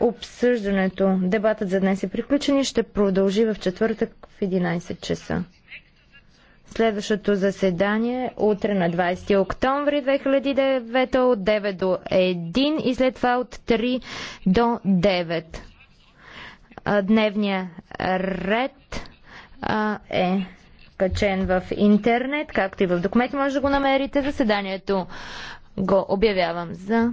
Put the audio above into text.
Обсъждането, дебатът за днес е приключен и ще продължи в четвъртък в 11 часа. Следващото заседание е утре на 20 октомври 2009 от 9 до 1 и след това от 3 до 9. Дневния ред е качен в интернет, както и в документи може да го намерите. Заседанието го обявявам за